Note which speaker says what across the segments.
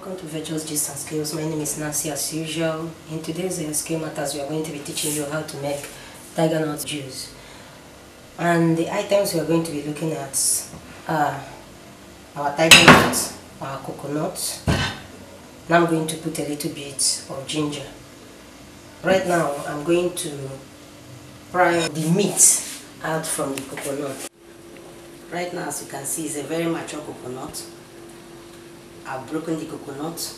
Speaker 1: Welcome to virtual distance Skills. My name is Nancy as usual. In today's uh, skill matters we are going to be teaching you how to make tiger nut juice. And the items we are going to be looking at are our tiger nuts, our coconut. Now I'm going to put a little bit of ginger. Right now I'm going to pry the meat out from the coconut. Right now as you can see it's a very mature coconut I've broken the coconut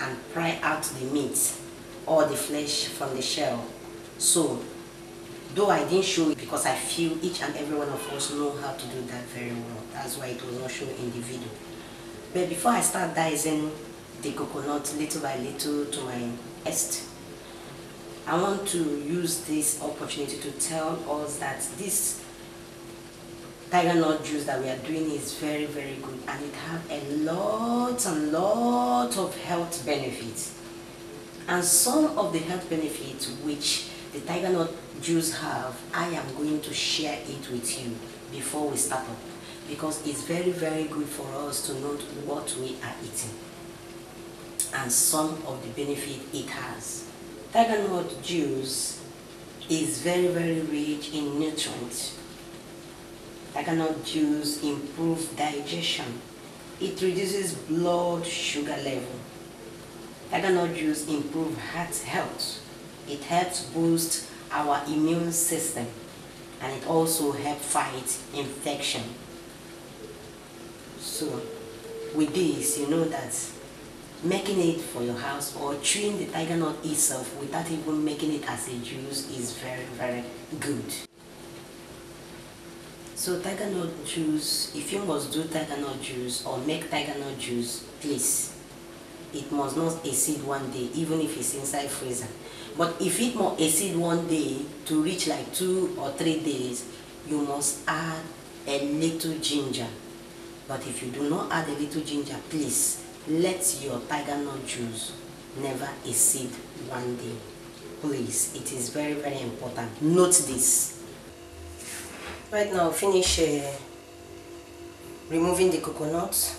Speaker 1: and pry out the meat or the flesh from the shell. So, though I didn't show it because I feel each and every one of us know how to do that very well. That's why it was not shown in the video. But before I start dicing the coconut little by little to my best, I want to use this opportunity to tell us that this tiger nut juice that we are doing is very very good and it have a lot and lot of health benefits and some of the health benefits which the tiger nut juice have i am going to share it with you before we start up because it's very very good for us to know what we are eating and some of the benefit it has tiger nut juice is very very rich in nutrients cannot juice improves digestion. It reduces blood sugar level. Coconut juice improves heart health. It helps boost our immune system and it also helps fight infection. So with this, you know that making it for your house or chewing the tiger nut itself without even making it as a juice is very, very good. So tiger nut juice, if you must do tiger nut juice or make tiger nut juice, please, it must not exceed one day, even if it's inside freezer. But if it must exceed one day to reach like two or three days, you must add a little ginger. But if you do not add a little ginger, please, let your tiger nut juice never exceed one day. Please, it is very, very important. Note this. Right now, finish uh, removing the coconut.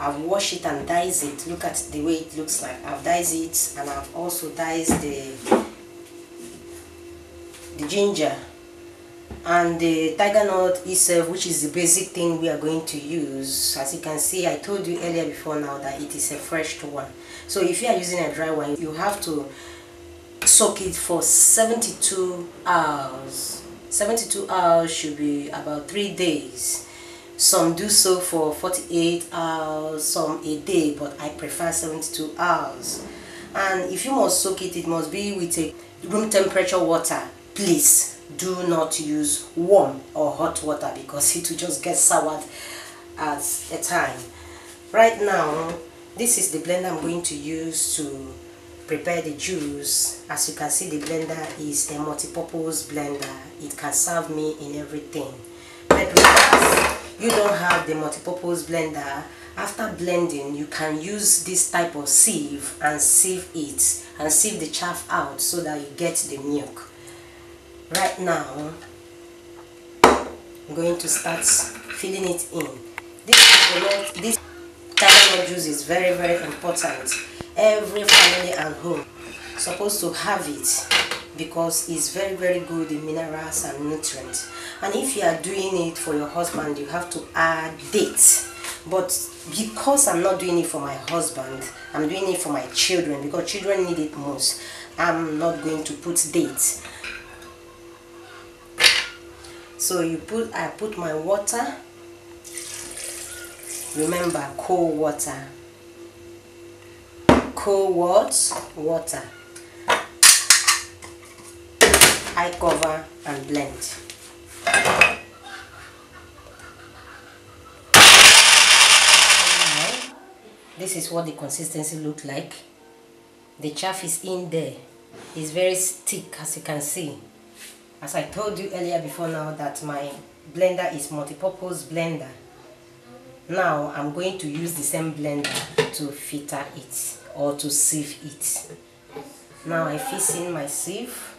Speaker 1: I've washed it and diced it. Look at the way it looks like. I've diced it and I've also diced the, the ginger and the tiger nut itself which is the basic thing we are going to use as you can see I told you earlier before now that it is a fresh one so if you are using a dry one you have to soak it for 72 hours 72 hours should be about three days some do so for 48 hours some a day but i prefer 72 hours and if you must soak it it must be with a room temperature water please do not use warm or hot water because it will just get soured at a time right now this is the blend i'm going to use to prepare the juice as you can see the blender is a multi-purpose blender it can serve me in everything but because you don't have the multi-purpose blender after blending you can use this type of sieve and sieve it and sieve the chaff out so that you get the milk right now I'm going to start filling it in this is the this type of juice is very very important every family and home supposed to have it because it's very very good in minerals and nutrients and if you are doing it for your husband you have to add dates but because i'm not doing it for my husband i'm doing it for my children because children need it most i'm not going to put dates so you put i put my water remember cold water cold what? Water. I cover and blend. This is what the consistency looks like. The chaff is in there. It's very thick as you can see. As I told you earlier before now that my blender is multi-purpose blender. Now I'm going to use the same blender to filter it or to sieve it now I fix in my sieve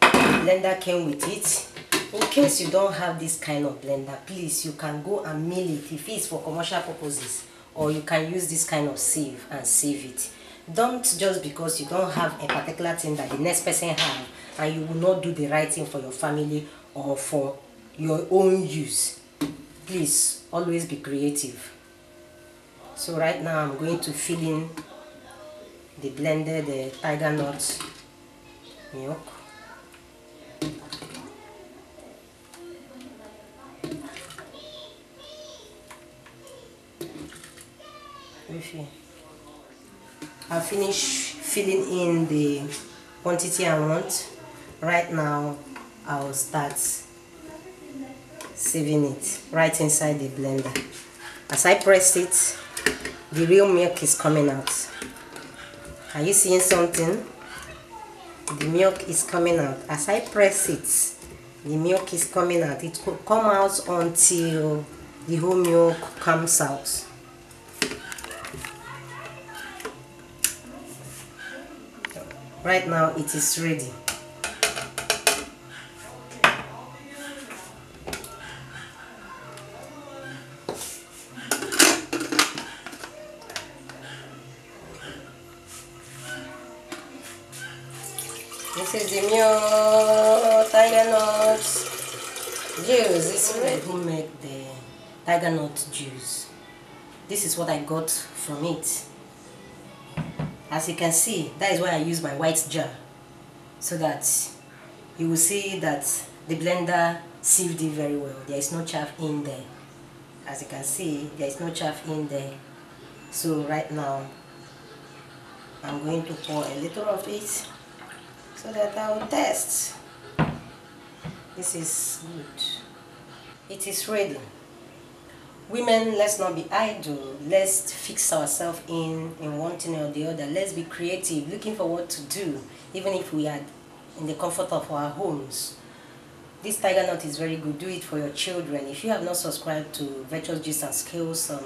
Speaker 1: blender came with it in case you don't have this kind of blender please you can go and mill it if it's for commercial purposes or you can use this kind of sieve and sieve it don't just because you don't have a particular thing that the next person have and you will not do the right thing for your family or for your own use please always be creative so right now i'm going to fill in the blended uh, tiger nut milk I'll finish filling in the quantity I want. Right now, I'll start saving it right inside the blender. As I press it, the real milk is coming out. Are you seeing something? The milk is coming out. As I press it, the milk is coming out. It could come out until the whole milk comes out. Right now it is ready. This is the new tiger nuts juice. This is who made the tiger nut juice. This is what I got from it. As you can see, that is why I use my white jar. So that you will see that the blender sieved it very well. There is no chaff in there. As you can see, there is no chaff in there. So right now, I'm going to pour a little of it so that I will test. This is good. It is ready. Women, let's not be idle. Let's fix ourselves in, in one thing or the other. Let's be creative, looking for what to do, even if we are in the comfort of our homes. This tiger nut is very good. Do it for your children. If you have not subscribed to Virtual Gist and Skills um,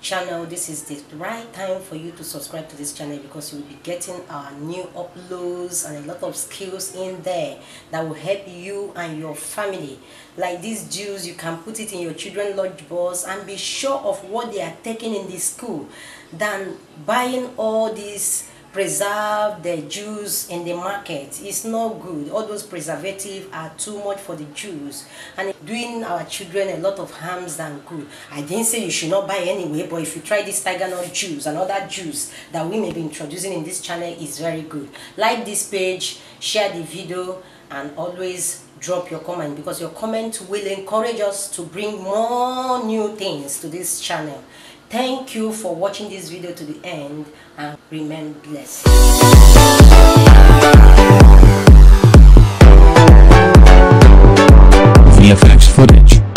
Speaker 1: channel this is the right time for you to subscribe to this channel because you will be getting our new uploads and a lot of skills in there that will help you and your family like these jewels, you can put it in your children lunch balls and be sure of what they are taking in the school than buying all these preserve the Jews in the market. It's not good. All those preservatives are too much for the Jews and doing our children a lot of harms than good. I didn't say you should not buy anyway, but if you try this tiger nut juice and other juice that we may be introducing in this channel is very good. Like this page, share the video and always drop your comment because your comment will encourage us to bring more new things to this channel. Thank you for watching this video to the end and remain blessed. VFX footage.